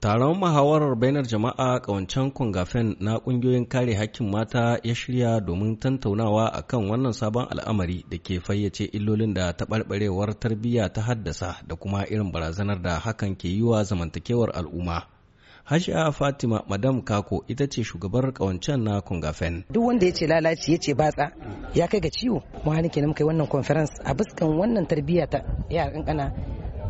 Taron muhawarar bainar jama'a ƙawancen kungafen na ƙungiyoyin kare hakkin mata ya shirya domin tantaunawa a kan wannan sabon al'amari da ke fayyace illolin da taɓarɓarewar tarbiyya ta haddasa da kuma irin barazanar da hakan ke yi wa zamantakewar al'umma. Hajiya Fatima Madam Kako ita ce shugabar ƙawancen na kungafen. Duk wanda ya ce lalaci ya ce batsa ya kai ga ciwo. Mu kenan muka kai wannan conference a buskan wannan tarbiyya ta yaran ƙana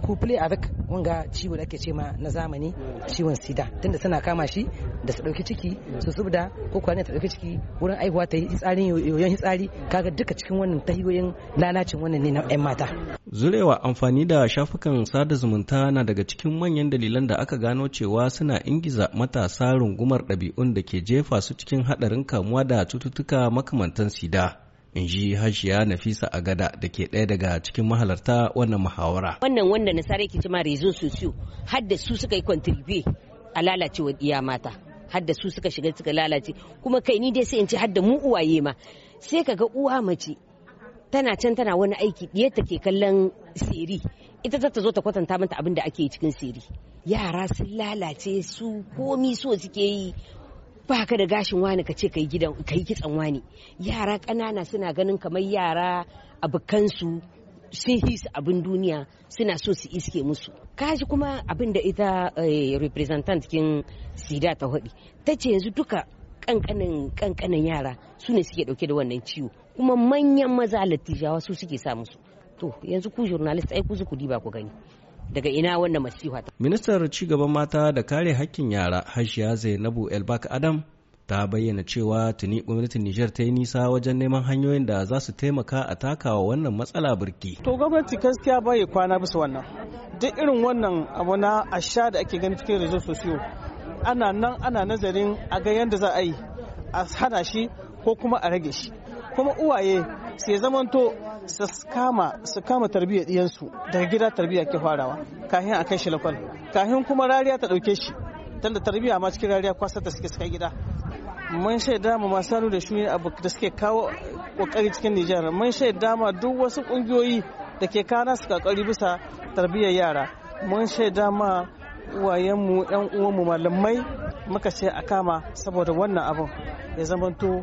kufle avec wanga ciwo da ake ce ma na zamani ciwon sida tunda suna kama shi da su dauki ciki su subda ko kuwa ne ta dauki ciki wurin aihuwa ta yi tsarin yoyon tsari kaga duka cikin wannan tahiyoyin lalacin wannan ne na yan mata zurewa amfani da shafukan sada zumunta na daga cikin manyan dalilan da aka gano cewa suna ingiza matasa rungumar ɗabi'un da ke jefa su cikin haɗarin kamuwa da cututtuka makamantan sida in ji hajiya nafisa a gada da ke ɗaya daga cikin mahalarta wannan muhawara wannan wanda nasara yake cima rezo sosiyo har da su suka yi contribute a lalacewa iya mata har su suka shiga suka lalace kuma kai ni dai sai in ci har mu uwaye ma sai ka ga uwa mace tana can tana wani aiki ɗaya ta ke kallon seri ita za ta zo ta kwatanta mata abin da ake cikin siri yara sun lalace su komi so suke yi ba ka da gashin wani ka ce ka yi kitsan wani yara ƙanana suna ganin kamar yara abukansu sun yi abin duniya suna so su iske musu kaji kuma abin da ita eh, representant kin sida ta haɗi ta ce yanzu duka kankanin kankanin yara su ne suke dauke da wannan ciwo kuma manyan maza latijawa su suke sa musu to yanzu ku journalist ai ku ku ba ku gani daga ina wannan masifa ta ministar cigaban mata da kare hakkin yara hashiya zainabu elbak adam ta bayyana cewa tuni gwamnatin Nijar ta yi nisa wajen neman hanyoyin da za su taimaka a takawa wannan matsala birki. To gwamnati gaskiya bai kwana bisa wannan. Duk irin wannan abu na asha da ake gani cikin rezo sosiyo ana nan ana nazarin a ga yadda za a yi a hana shi ko kuma a rage shi. kuma uwaye sai zamanto su kama su kama tarbiyyar diyansu daga gida tarbiyya ke farawa kahin a kai shi lakwal kahin kuma rariya ta ɗauke shi tunda tarbiyya ma cikin rariya kwasar da suke suka gida mun shaida mu masu da shi abu da suke kawo kokari cikin Nijar mun shaida ma duk wasu kungiyoyi da ke kana su kokari bisa tarbiyyar yara mun shaida ma uwayenmu yan uwanmu malamai muka ce a kama saboda wannan abin ya zamanto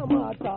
他妈的